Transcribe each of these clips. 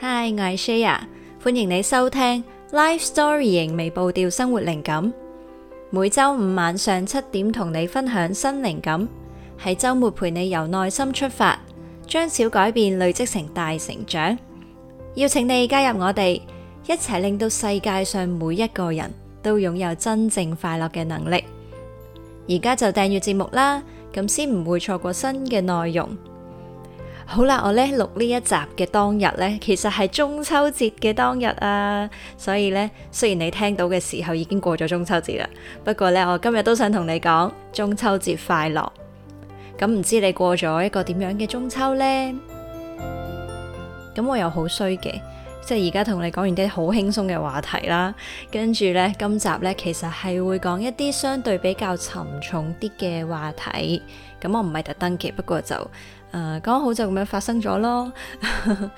Hi，我係 Shaya，歡迎你收聽 Life Storying 微步調生活靈感，每周五晚上七點同你分享新靈感，喺周末陪你由內心出發，將小改變累積成大成長。邀請你加入我哋，一齊令到世界上每一個人都擁有真正快樂嘅能力。而家就訂閱節目啦，咁先唔會錯過新嘅內容。好啦，我咧錄呢錄一集嘅當日咧，其實係中秋節嘅當日啊，所以咧雖然你聽到嘅時候已經過咗中秋節啦，不過咧我今日都想同你講中秋節快樂。咁、嗯、唔知你過咗一個點樣嘅中秋呢？咁、嗯、我又好衰嘅，即係而家同你講完啲好輕鬆嘅話題啦，跟住咧今集咧其實係會講一啲相對比較沉重啲嘅話題。咁、嗯、我唔係特登嘅，不過就。誒，講、呃、好就咁樣發生咗咯。 誒、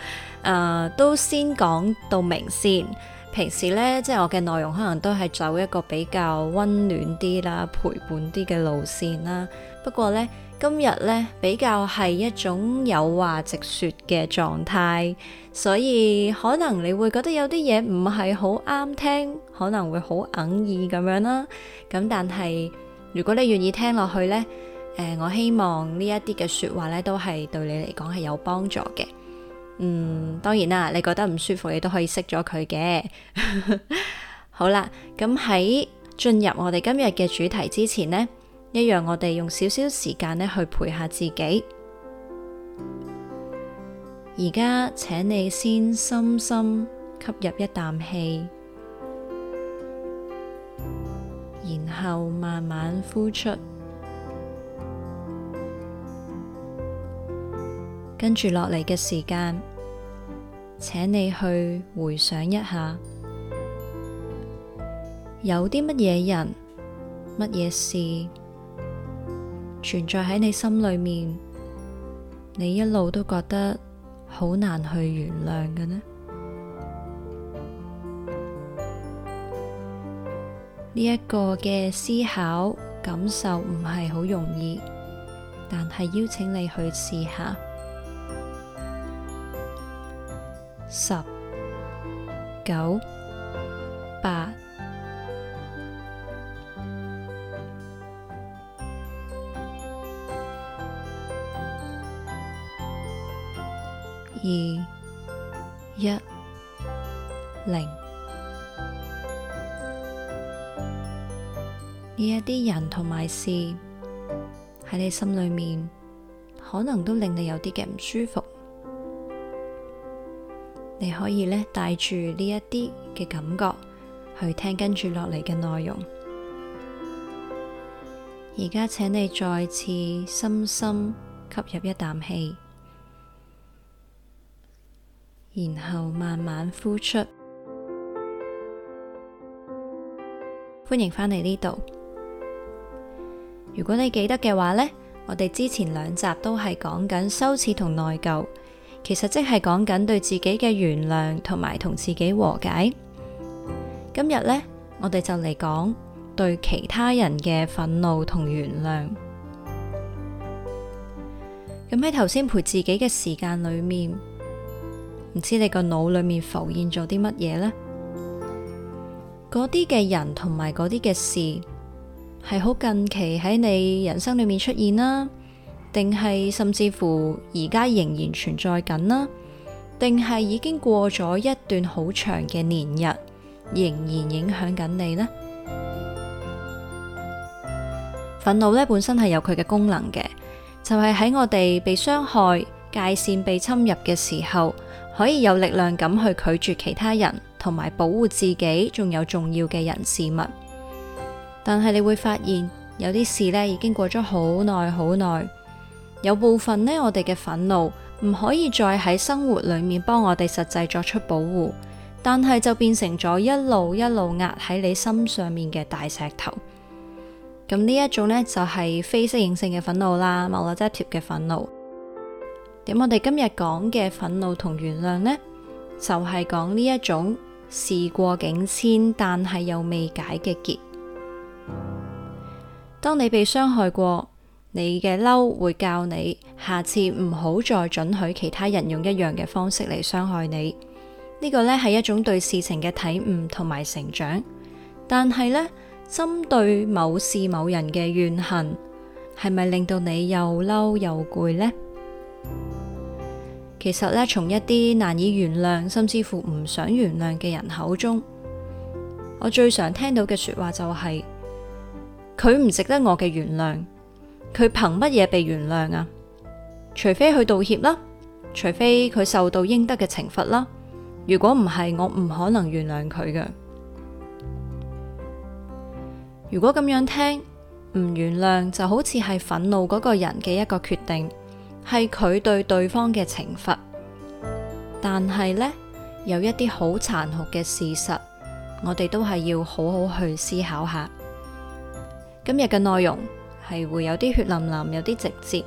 呃，都先講到明先。平時呢，即係我嘅內容，可能都係走一個比較溫暖啲啦、陪伴啲嘅路線啦。不過呢，今日呢，比較係一種有話直說嘅狀態，所以可能你會覺得有啲嘢唔係好啱聽，可能會好哽耳咁樣啦。咁但係，如果你願意聽落去呢。誒、呃，我希望呢一啲嘅說話呢，都係對你嚟講係有幫助嘅。嗯，當然啦，你覺得唔舒服，你都可以熄咗佢嘅。 好啦，咁喺進入我哋今日嘅主題之前呢，一樣我哋用少少時間呢去陪下自己。而家請你先深深吸入一啖氣，然後慢慢呼出。跟住落嚟嘅時間，請你去回想一下，有啲乜嘢人、乜嘢事存在喺你心裏面，你一路都覺得好難去原諒嘅呢？呢呢一個嘅思考感受唔係好容易，但係邀請你去試下。十、九、八、二、一、零，呢一啲人同埋事喺你心裏面，可能都令你有啲嘅唔舒服。你可以呢帶住呢一啲嘅感覺去聽跟住落嚟嘅內容。而家請你再次深深吸入一啖氣，然後慢慢呼出。歡迎返嚟呢度。如果你記得嘅話呢，我哋之前兩集都係講緊羞恥同內疚。其實即係講緊對自己嘅原諒同埋同自己和解。今日呢，我哋就嚟講對其他人嘅憤怒同原諒。咁喺頭先陪自己嘅時間裏面，唔知你個腦裏面浮現咗啲乜嘢呢？嗰啲嘅人同埋嗰啲嘅事，係好近期喺你人生裏面出現啦。定係甚至乎而家仍然存在緊啦，定係已經過咗一段好長嘅年日，仍然影響緊你呢？憤怒咧本身係有佢嘅功能嘅，就係喺我哋被傷害、界線被侵入嘅時候，可以有力量咁去拒絕其他人同埋保護自己，仲有重要嘅人事物。但係你會發現有啲事呢已經過咗好耐好耐。有部分呢，我哋嘅憤怒唔可以再喺生活裏面幫我哋實際作出保護，但係就變成咗一路一路壓喺你心上面嘅大石頭。咁呢一種呢，就係非適應性嘅憤怒啦，Maladaptive 嘅憤怒。咁我哋今日講嘅憤怒同原諒呢，就係講呢一種事過境遷但係又未解嘅結。當你被傷害過。你嘅嬲會教你下次唔好再准許其他人用一樣嘅方式嚟傷害你。呢個呢係一種對事情嘅體悟同埋成長，但係呢，針對某事某人嘅怨恨，係咪令到你又嬲又攰呢？其實呢，從一啲難以原諒，甚至乎唔想原諒嘅人口中，我最常聽到嘅說話就係佢唔值得我嘅原諒。佢憑乜嘢被原諒啊？除非去道歉啦、啊，除非佢受到應得嘅懲罰啦。如果唔係，我唔可能原諒佢嘅。如果咁樣聽，唔原諒就好似係憤怒嗰個人嘅一個決定，係佢對對方嘅懲罰。但係呢，有一啲好殘酷嘅事實，我哋都係要好好去思考下今日嘅內容。係會有啲血淋淋，有啲直接。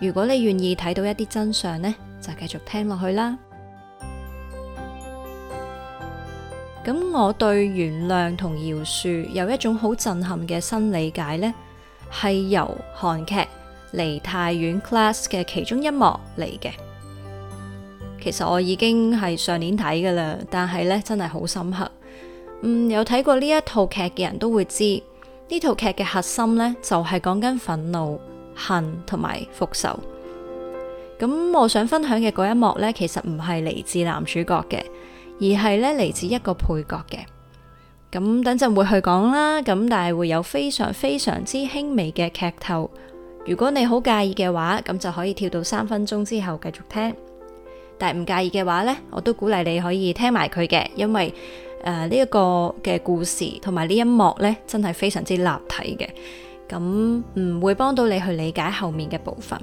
如果你願意睇到一啲真相呢，就繼續聽落去啦。咁 我對原諒同饒恕有一種好震撼嘅新理解呢，係由韓劇《梨泰院》class 嘅其中一幕嚟嘅。其實我已經係上年睇㗎喇，但係呢真係好深刻。嗯，有睇過呢一套劇嘅人都會知。呢套劇嘅核心呢，就係講緊憤怒、恨同埋復仇。咁我想分享嘅嗰一幕呢，其實唔係嚟自男主角嘅，而係呢嚟自一個配角嘅。咁等陣會去講啦。咁但係會有非常非常之輕微嘅劇透。如果你好介意嘅話，咁就可以跳到三分鐘之後繼續聽。但係唔介意嘅話呢，我都鼓勵你可以聽埋佢嘅，因為。誒，呢一、uh, 個嘅故事同埋呢一幕呢，真係非常之立體嘅，咁唔會幫到你去理解後面嘅部分。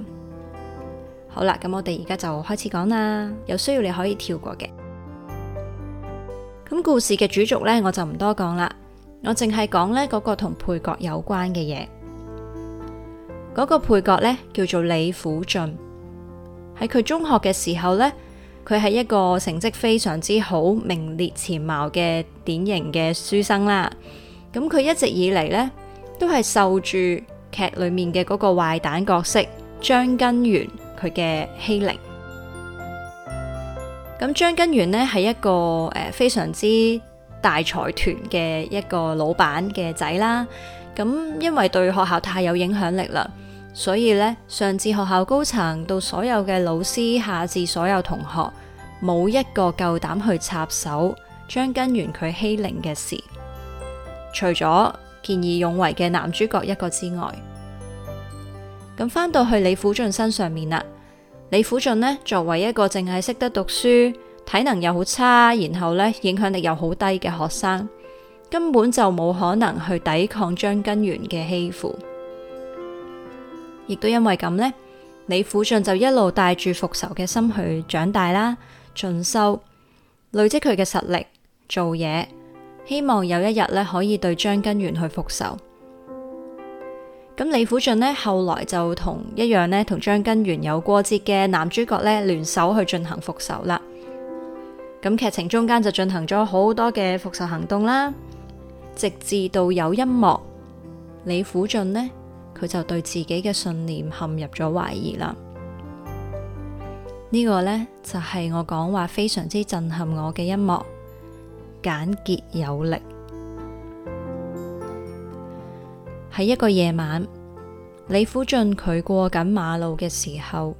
好啦，咁我哋而家就開始講啦，有需要你可以跳過嘅。咁故事嘅主軸呢，我就唔多講啦，我淨係講呢嗰、那個同配角有關嘅嘢。嗰、那個配角呢，叫做李虎俊，喺佢中學嘅時候呢。佢係一個成績非常之好、名列前茅嘅典型嘅書生啦。咁佢一直以嚟呢，都係受住劇裏面嘅嗰個壞蛋角色張根源佢嘅欺凌。咁張根源呢，係一個誒非常之大財團嘅一個老闆嘅仔啦。咁因為對學校太有影響力啦。所以呢，上至學校高層，到所有嘅老師，下至所有同學，冇一個夠膽去插手張根源佢欺凌嘅事。除咗見義勇為嘅男主角一個之外，咁返到去李輔俊身上面啦。李輔俊呢，作為一個淨係識得讀書、體能又好差，然後呢，影響力又好低嘅學生，根本就冇可能去抵抗張根源嘅欺負。亦都因為咁呢，李虎俊就一路帶住復仇嘅心去長大啦，進修累積佢嘅實力做嘢，希望有一日咧可以對張根源去復仇。咁李虎俊呢，後來就同一樣呢同張根源有過節嘅男主角咧聯手去進行復仇啦。咁劇情中間就進行咗好多嘅復仇行動啦，直至到有一幕，李虎俊呢。佢就對自己嘅信念陷入咗懷疑啦。呢、這個呢，就係、是、我講話非常之震撼我嘅一幕，簡潔有力。喺一個夜晚，李輔俊佢過緊馬路嘅時候，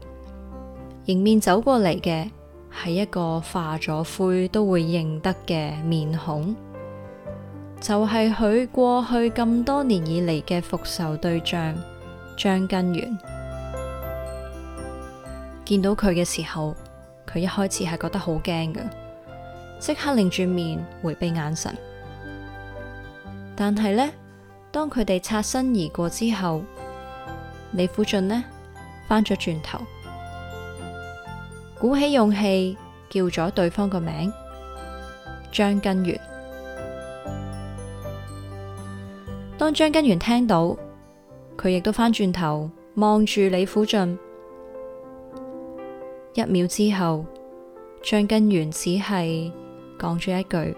迎面走過嚟嘅係一個化咗灰都會認得嘅面孔。就係佢過去咁多年以嚟嘅復仇對象張根源，見到佢嘅時候，佢一開始係覺得好驚噶，即刻擰住面回避眼神。但係呢，當佢哋擦身而過之後，李富俊呢翻咗轉頭，鼓起勇氣叫咗對方個名張根源。當張根源聽到，佢亦都翻轉頭望住李虎俊。一秒之後，張根源只係講咗一句，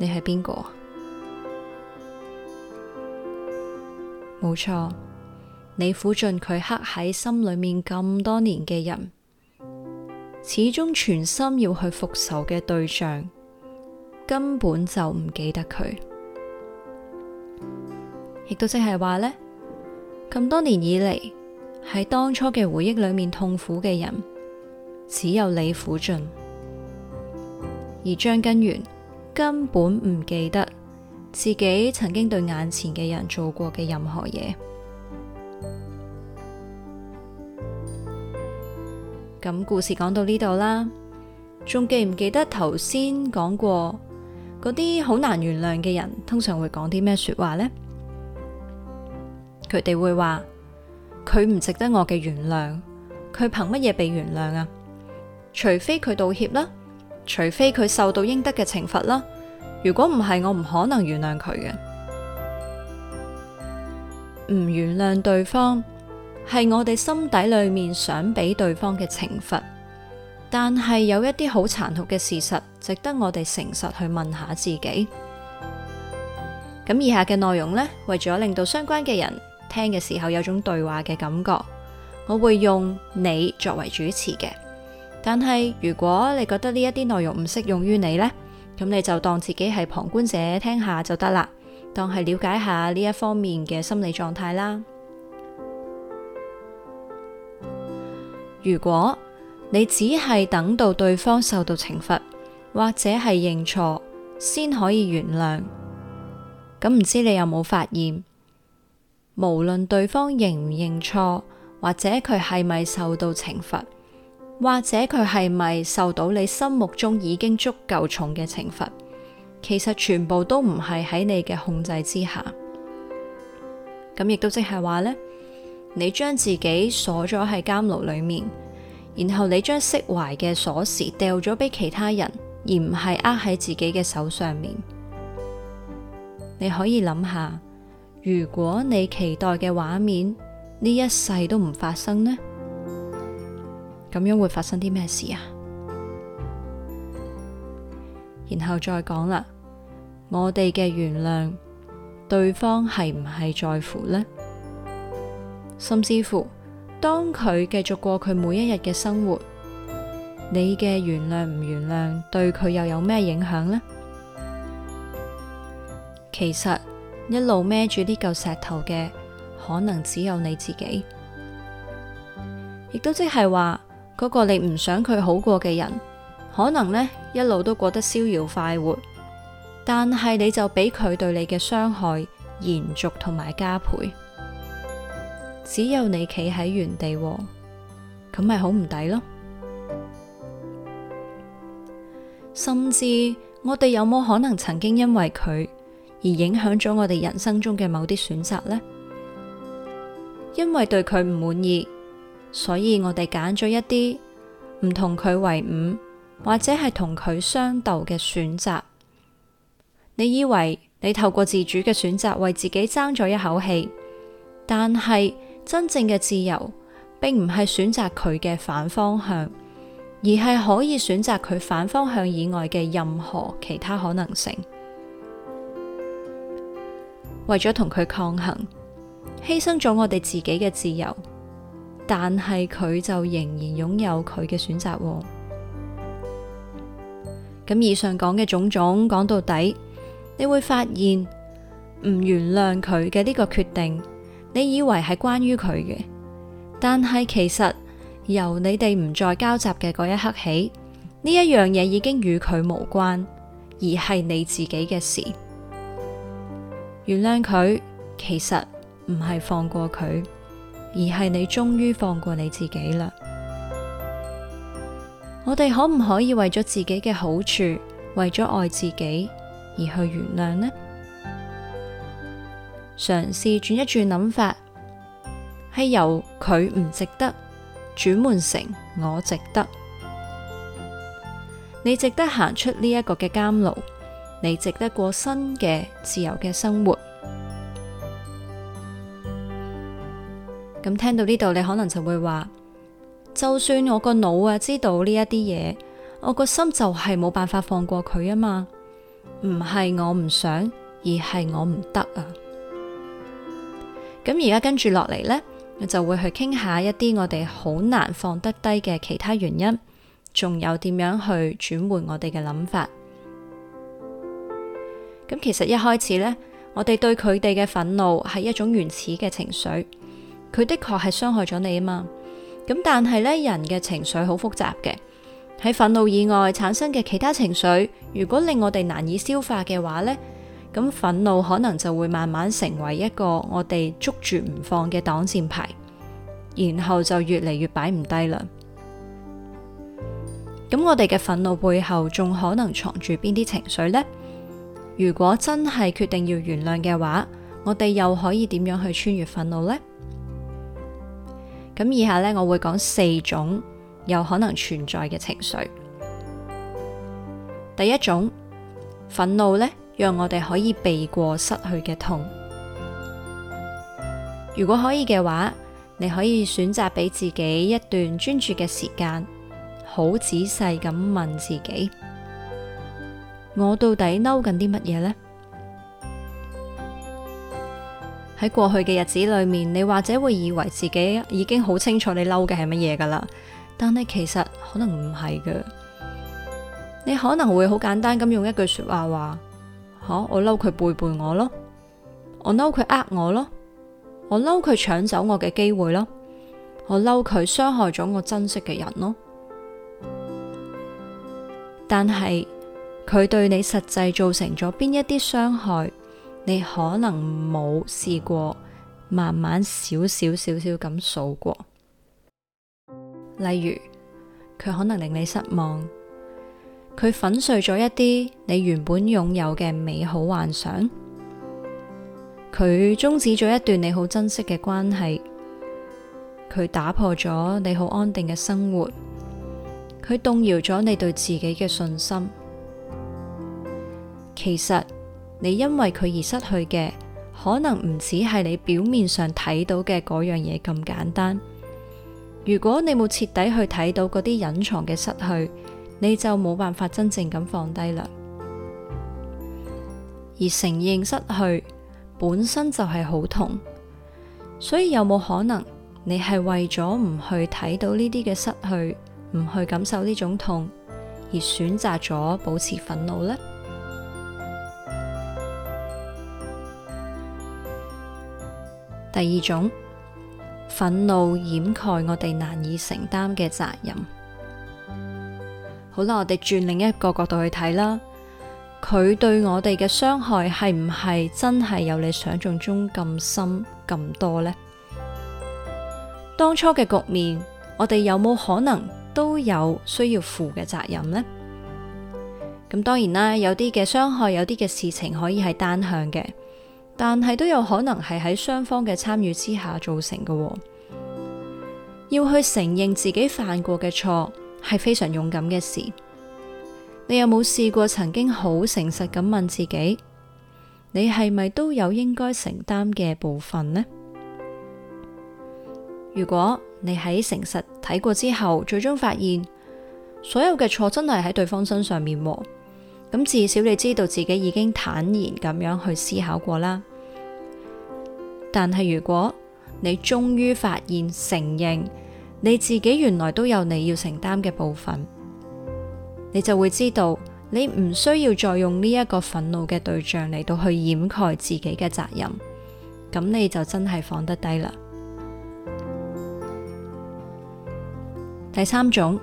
你係邊個？冇錯，李虎俊佢刻喺心裏面咁多年嘅人，始終全心要去復仇嘅對象，根本就唔記得佢。亦都即係話呢，咁多年以嚟，喺當初嘅回憶裏面痛苦嘅人，只有李苦盡，而張根源根本唔記得自己曾經對眼前嘅人做過嘅任何嘢。咁、嗯嗯嗯、故事講到呢度啦，仲記唔記得頭先講過嗰啲好難原諒嘅人，通常會講啲咩說話呢？佢哋會話佢唔值得我嘅原諒，佢憑乜嘢被原諒啊？除非佢道歉啦、啊，除非佢受到應得嘅懲罰啦。如果唔係，我唔可能原諒佢嘅。唔原諒對方係我哋心底裏面想俾對方嘅懲罰，但係有一啲好殘酷嘅事實，值得我哋誠實去問下自己。咁以下嘅內容呢，為咗令到相關嘅人聽嘅時候有種對話嘅感覺，我會用你作為主持嘅。但係如果你覺得呢一啲內容唔適用於你呢，咁你就當自己係旁觀者聽下就得啦，當係了解下呢一方面嘅心理狀態啦。如果你只係等到對方受到懲罰，或者係認錯，先可以原諒，咁唔知你有冇發現？無論對方認唔認錯，或者佢係咪受到懲罰，或者佢係咪受到你心目中已經足夠重嘅懲罰，其實全部都唔係喺你嘅控制之下。咁亦都即係話呢：你將自己鎖咗喺監牢裏面，然後你將釋懷嘅鎖匙掉咗俾其他人，而唔係握喺自己嘅手上面。你可以諗下。如果你期待嘅畫面，呢一世都唔發生呢，咁樣會發生啲咩事啊？然後再講啦，我哋嘅原諒對方係唔係在乎呢？甚至乎，當佢繼續過佢每一日嘅生活，你嘅原諒唔原諒對佢又有咩影響呢？其實。一路孭住呢嚿石頭嘅，可能只有你自己，亦都即係話嗰個你唔想佢好過嘅人，可能呢一路都過得逍遙快活，但係你就俾佢對你嘅傷害延續同埋加倍，只有你企喺原地、哦，咁咪好唔抵咯？甚至我哋有冇可能曾經因為佢？而影響咗我哋人生中嘅某啲選擇呢？因為對佢唔滿意，所以我哋揀咗一啲唔同佢為伍，或者係同佢相鬥嘅選擇。你以為你透過自主嘅選擇為自己爭咗一口氣，但係真正嘅自由，並唔係選擇佢嘅反方向，而係可以選擇佢反方向以外嘅任何其他可能性。為咗同佢抗衡，犧牲咗我哋自己嘅自由，但係佢就仍然擁有佢嘅選擇。咁以上講嘅種種，講到底，你會發現唔原諒佢嘅呢個決定，你以為係關於佢嘅，但係其實由你哋唔再交集嘅嗰一刻起，呢一樣嘢已經與佢無關，而係你自己嘅事。原諒佢，其實唔係放過佢，而係你終於放過你自己啦。我哋可唔可以為咗自己嘅好處，為咗愛自己而去原諒呢？嘗試轉一轉諗法，係由佢唔值得，轉換成我值得，你值得行出呢一個嘅監牢。你值得過新嘅自由嘅生活。咁聽到呢度，你可能就會話：就算我個腦啊知道呢一啲嘢，我個心就係冇辦法放過佢啊嘛。唔係我唔想，而係我唔得啊。咁而家跟住落嚟呢，我就會去傾下一啲我哋好難放得低嘅其他原因，仲有點樣去轉換我哋嘅諗法。咁其實一開始呢，我哋對佢哋嘅憤怒係一種原始嘅情緒，佢的確係傷害咗你啊嘛。咁但係呢，人嘅情緒好複雜嘅，喺憤怒以外產生嘅其他情緒，如果令我哋難以消化嘅話呢，咁憤怒可能就會慢慢成為一個我哋捉住唔放嘅擋箭牌，然後就越嚟越擺唔低啦。咁我哋嘅憤怒背後，仲可能藏住邊啲情緒呢？如果真係決定要原諒嘅話，我哋又可以點樣去穿越憤怒呢？咁以下呢，我會講四種有可能存在嘅情緒。第一種，憤怒呢，讓我哋可以避過失去嘅痛。如果可以嘅話，你可以選擇俾自己一段專注嘅時間，好仔細咁問自己。我到底嬲緊啲乜嘢呢？喺過去嘅日子裏面，你或者會以為自己已經好清楚你嬲嘅係乜嘢噶啦，但係其實可能唔係噶。你可能會好簡單咁用一句話說話話，吓、啊、我嬲佢背叛我咯，我嬲佢呃我咯，我嬲佢搶走我嘅機會咯，我嬲佢傷害咗我珍惜嘅人咯。但係。佢對你實際造成咗邊一啲傷害，你可能冇試過，慢慢少少少少咁數過。例如，佢可能令你失望，佢粉碎咗一啲你原本擁有嘅美好幻想，佢終止咗一段你好珍惜嘅關係，佢打破咗你好安定嘅生活，佢動搖咗你對自己嘅信心。其實你因為佢而失去嘅，可能唔止係你表面上睇到嘅嗰樣嘢咁簡單。如果你冇徹底去睇到嗰啲隱藏嘅失去，你就冇辦法真正咁放低啦。而承認失去本身就係好痛，所以有冇可能你係為咗唔去睇到呢啲嘅失去，唔去感受呢種痛，而選擇咗保持憤怒呢？第二種，憤怒掩蓋我哋難以承擔嘅責任。好啦，我哋轉另一個角度去睇啦。佢對我哋嘅傷害係唔係真係有你想象中咁深咁多呢？當初嘅局面，我哋有冇可能都有需要負嘅責任呢？咁當然啦，有啲嘅傷害，有啲嘅事情可以係單向嘅。但係都有可能係喺雙方嘅參與之下造成嘅。哦，要去承認自己犯過嘅錯係非常勇敢嘅事。你有冇試過曾經好誠實咁問自己，你係咪都有應該承擔嘅部分呢？如果你喺誠實睇過之後，最終發現所有嘅錯真係喺對方身上面。咁至少你知道自己已經坦然咁樣去思考過啦。但係如果你終於發現承認你自己原來都有你要承擔嘅部分，你就會知道你唔需要再用呢一個憤怒嘅對象嚟到去掩蓋自己嘅責任，咁你就真係放得低啦。第三種，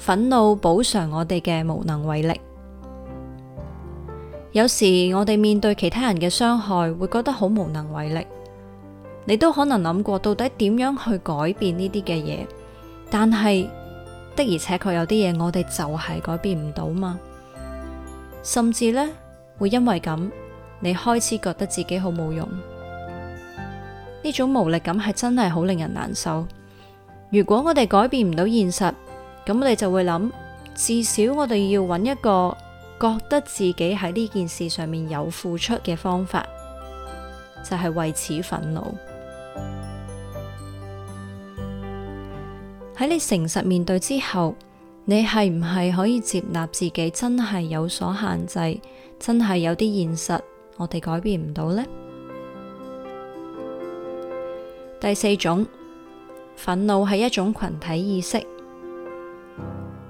憤怒補償我哋嘅無能為力。有時我哋面對其他人嘅傷害，會覺得好無能為力。你都可能諗過到底點樣去改變呢啲嘅嘢，但係的而且確有啲嘢我哋就係改變唔到嘛。甚至呢，會因為咁，你開始覺得自己好冇用。呢種無力感係真係好令人難受。如果我哋改變唔到現實，咁我哋就會諗，至少我哋要揾一個。覺得自己喺呢件事上面有付出嘅方法，就係為此憤怒。喺你誠實面對之後，你係唔係可以接納自己真係有所限制，真係有啲現實，我哋改變唔到呢？第四種憤怒係一種群體意識。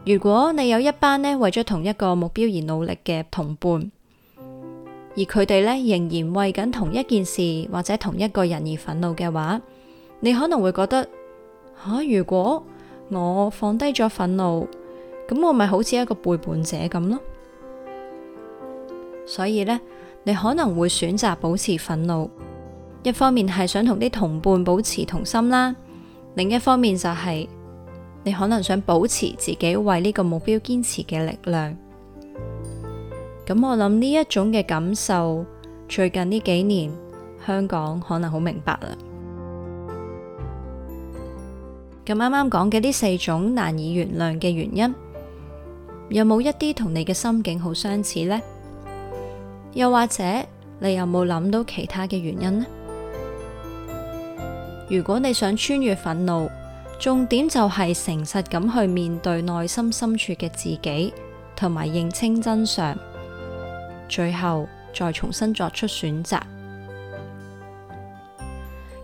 如果你有一班呢為咗同一個目標而努力嘅同伴，而佢哋呢仍然為緊同一件事或者同一個人而憤怒嘅話，你可能會覺得吓，啊，如果我放低咗憤怒，咁我咪好似一個背叛者咁咯。所以呢，你可能會選擇保持憤怒，一方面係想同啲同伴保持同心啦，另一方面就係，是。你可能想保持自己為呢個目標堅持嘅力量，咁我諗呢一種嘅感受，最近呢幾年香港可能好明白啦。咁啱啱講嘅呢四種難以原諒嘅原因，有冇一啲同你嘅心境好相似呢？又或者你有冇諗到其他嘅原因呢？如果你想穿越憤怒。重點就係誠實咁去面對內心深處嘅自己，同埋認清真相，最後再重新作出選擇。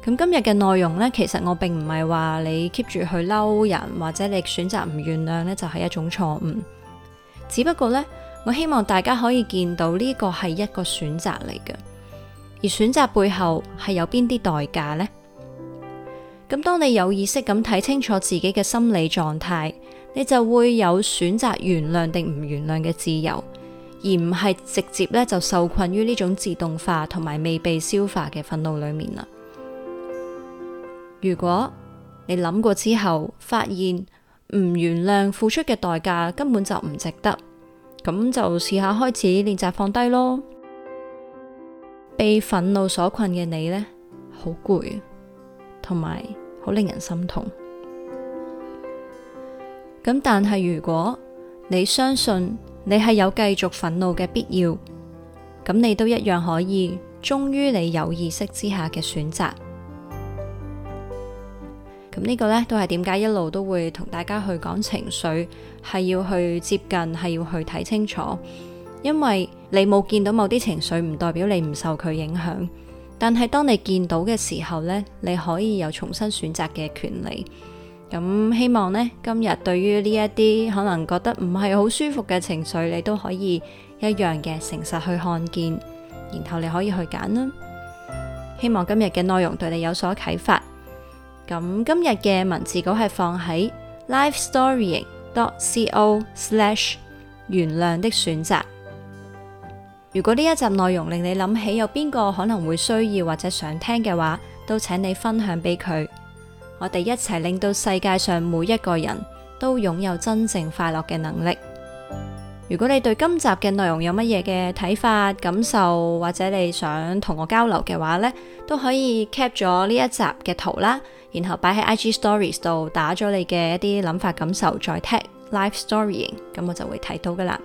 咁今日嘅內容呢，其實我並唔係話你 keep 住去嬲人，或者你選擇唔原諒呢，就係一種錯誤。只不過呢，我希望大家可以見到呢個係一個選擇嚟嘅，而選擇背後係有邊啲代價呢？咁當你有意識咁睇清楚自己嘅心理狀態，你就會有選擇原諒定唔原諒嘅自由，而唔係直接咧就受困於呢種自動化同埋未被消化嘅憤怒裏面啦。如果你諗過之後發現唔原諒付出嘅代價根本就唔值得，咁就試下開始練習放低咯。被憤怒所困嘅你呢，好攰。同埋好令人心痛。咁但係如果你相信你係有繼續憤怒嘅必要，咁你都一樣可以忠於你有意識之下嘅選擇。咁呢個呢，都係點解一路都會同大家去講情緒，係要去接近，係要去睇清楚，因為你冇見到某啲情緒，唔代表你唔受佢影響。但係當你見到嘅時候呢，你可以有重新選擇嘅權利。咁希望呢，今日對於呢一啲可能覺得唔係好舒服嘅情緒，你都可以一樣嘅誠實去看見，然後你可以去揀啦。希望今日嘅內容對你有所啟發。咁今日嘅文字稿係放喺 lifestorying.co/ 原諒的選擇。如果呢一集內容令你諗起有邊個可能會需要或者想聽嘅話，都請你分享俾佢，我哋一齊令到世界上每一個人都擁有真正快樂嘅能力。如果你對今集嘅內容有乜嘢嘅睇法、感受或者你想同我交流嘅話呢，都可以 cap 咗呢一集嘅圖啦，然後擺喺 IG Stories 度打咗你嘅一啲諗法、感受再 tag lifestorying，咁我就會睇到噶啦。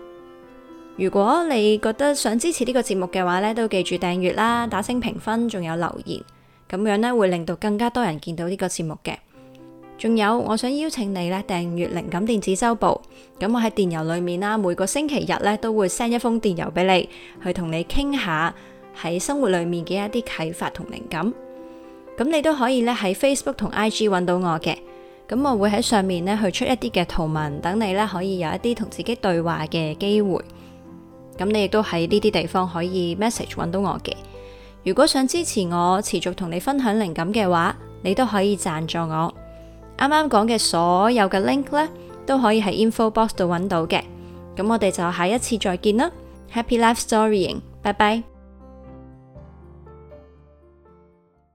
如果你覺得想支持呢個節目嘅話咧，都記住訂閱啦，打星評分，仲有留言，咁樣咧會令到更加多人見到呢個節目嘅。仲有，我想邀請你咧訂閱靈感電子週報。咁我喺電郵裏面啦，每個星期日咧都會 send 一封電郵俾你，去同你傾下喺生活裏面嘅一啲啟發同靈感。咁你都可以咧喺 Facebook 同 IG 搵到我嘅。咁我會喺上面咧去出一啲嘅圖文，等你咧可以有一啲同自己對話嘅機會。咁你亦都喺呢啲地方可以 message 揾到我嘅。如果想支持我持續同你分享靈感嘅話，你都可以贊助我。啱啱講嘅所有嘅 link 咧，都可以喺 info box 度揾到嘅。咁我哋就下一次再見啦。Happy life storying，拜拜。